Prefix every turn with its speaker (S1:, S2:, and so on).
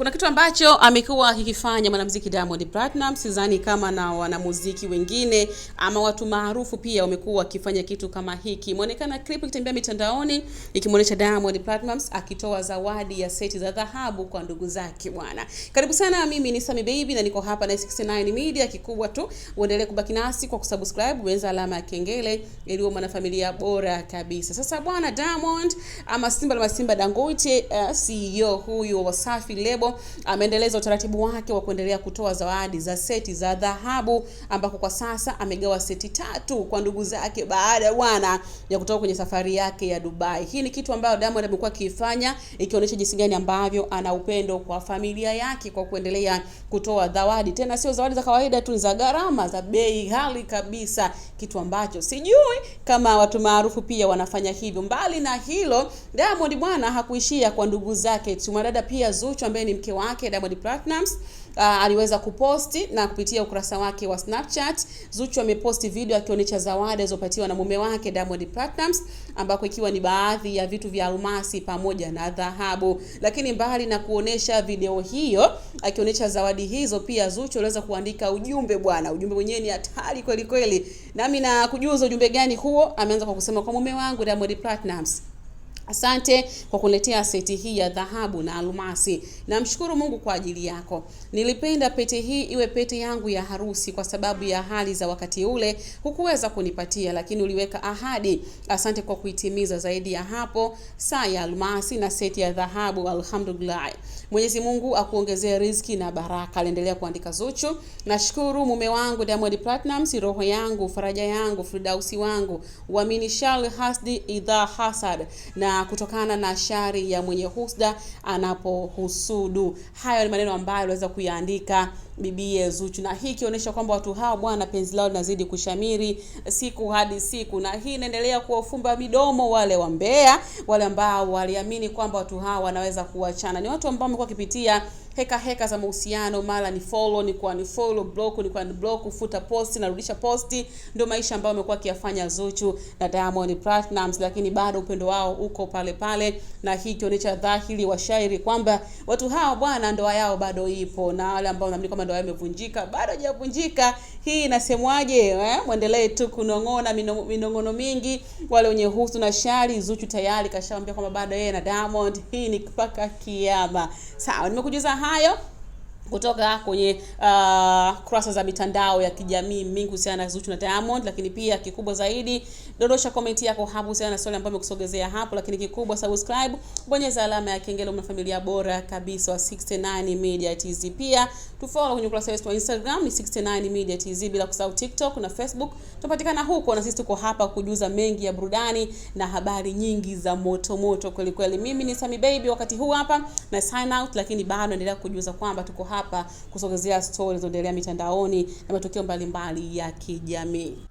S1: Kuna kitu ambacho amekuwa akikifanya mwanamuziki Diamond Platnumz, sidhani kama na wanamuziki wengine ama watu maarufu pia wamekuwa wakifanya kitu kama hiki. Imeonekana clip ikitembea mitandaoni ikimuonesha Diamond Platnumz akitoa zawadi ya seti za dhahabu kwa ndugu zake bwana. Karibu sana, mimi ni Sami Baby na niko hapa na 69 Media. Kikubwa tu uendelee kubaki nasi kwa kusubscribe, bonyeza alama ya kengele ili uwe mwanafamilia bora kabisa. Sasa bwana Diamond ama Simba la Masimba Dangote, uh, eh, CEO huyu wa Wasafi Lebo Uh, ameendeleza utaratibu wake wa kuendelea kutoa zawadi za seti za dhahabu, ambako kwa sasa amegawa seti tatu kwa ndugu zake baada ya bwana ya kutoka kwenye safari yake ya Dubai. Hii ni kitu ambayo Diamond amekuwa akiifanya, ikionyesha jinsi gani ambavyo ana upendo kwa familia yake kwa kuendelea kutoa zawadi, tena sio zawadi za kawaida tu, za gharama za bei ghali kabisa, kitu ambacho sijui kama watu maarufu pia wanafanya hivyo. Mbali na hilo, Diamond bwana hakuishia kwa ndugu zake tu, mwanadada pia Zuchu ambaye ni mke wake Diamond Platnumz uh, aliweza kuposti na kupitia ukurasa wake wa Snapchat. Zuchu ameposti video akionyesha zawadi alizopatiwa na mume wake Diamond Platnumz, ambako ikiwa ni baadhi ya vitu vya almasi pamoja na dhahabu. Lakini mbali na kuonesha video hiyo akionyesha zawadi hizo, pia Zuchu aliweza kuandika ujumbe bwana, ujumbe mwenyewe ni hatari kweli kweli. Nami na kujuza ujumbe gani huo, ameanza kwa kusema kwa mume wangu Diamond Platnumz Asante kwa kuletea seti hii ya dhahabu na almasi. Namshukuru Mungu kwa ajili yako. Nilipenda pete hii iwe pete yangu ya harusi kwa sababu ya hali za wakati ule hukuweza kunipatia, lakini uliweka ahadi. Asante kwa kuitimiza. Zaidi ya hapo, saa ya almasi na seti ya dhahabu, alhamdulillah. Mwenyezi Mungu akuongezee riziki na baraka. Endelea kuandika Zuchu. Nashukuru mume wangu Diamond Platinum, si roho yangu, faraja yangu, Firdausi wangu, Uamini Waminishal Hasdi Idha Hasad na kutokana na shari ya mwenye husda anapohusudu. Hayo ni maneno ambayo aliweza kuyaandika bibie Zuchu, na hii ikionyesha kwamba watu hawa bwana, penzi lao linazidi kushamiri siku hadi siku, na hii inaendelea kuwafumba midomo wale wa Mbeya, wale ambao waliamini kwamba watu hawa wanaweza kuachana. Ni watu ambao wamekuwa wakipitia heka heka za mahusiano, mara ni follow ni kwa ni follow, block ni kwa ni block, futa posti na rudisha posti. Ndio maisha ambayo amekuwa akiyafanya Zuchu na Diamond Platnumz, lakini bado upendo wao uko huko pale pale, na hii ikionyesha dhahiri wa shairi kwamba watu hawa bwana, ndoa yao bado ipo, na wale ambao naamini kwamba ndoa yao imevunjika bado hajavunjika. Hii inasemwaje eh? Mwendelee tu kunong'ona minong'ono mingi, wale wenye husu na shari. Zuchu tayari kashawambia kwamba bado yeye na Diamond, hii ni mpaka kiama. Sawa, nimekujuza hayo kutoka kwenye uh, kurasa za mitandao ya kijamii mingi kuhusiana na Zuchu na Diamond, lakini pia kikubwa zaidi, dondosha komenti yako hapo kuhusiana na swali ambayo nimekusogezea hapo, lakini kikubwa subscribe, bonyeza alama ya kengele, una familia bora kabisa wa 69 Media TZ. Pia tufollow kwenye ukurasa wetu wa Instagram ni 69 Media TZ, bila kusahau TikTok na Facebook, tunapatikana huko na sisi tuko hapa kujuza mengi ya burudani na habari nyingi za moto moto kweli kweli. Mimi ni Sami Baby, wakati huu hapa na sign out, lakini bado endelea kujuza kwamba tuko hapa hapa kusogezea stori zinazoendelea mitandaoni na matukio mbalimbali ya kijamii.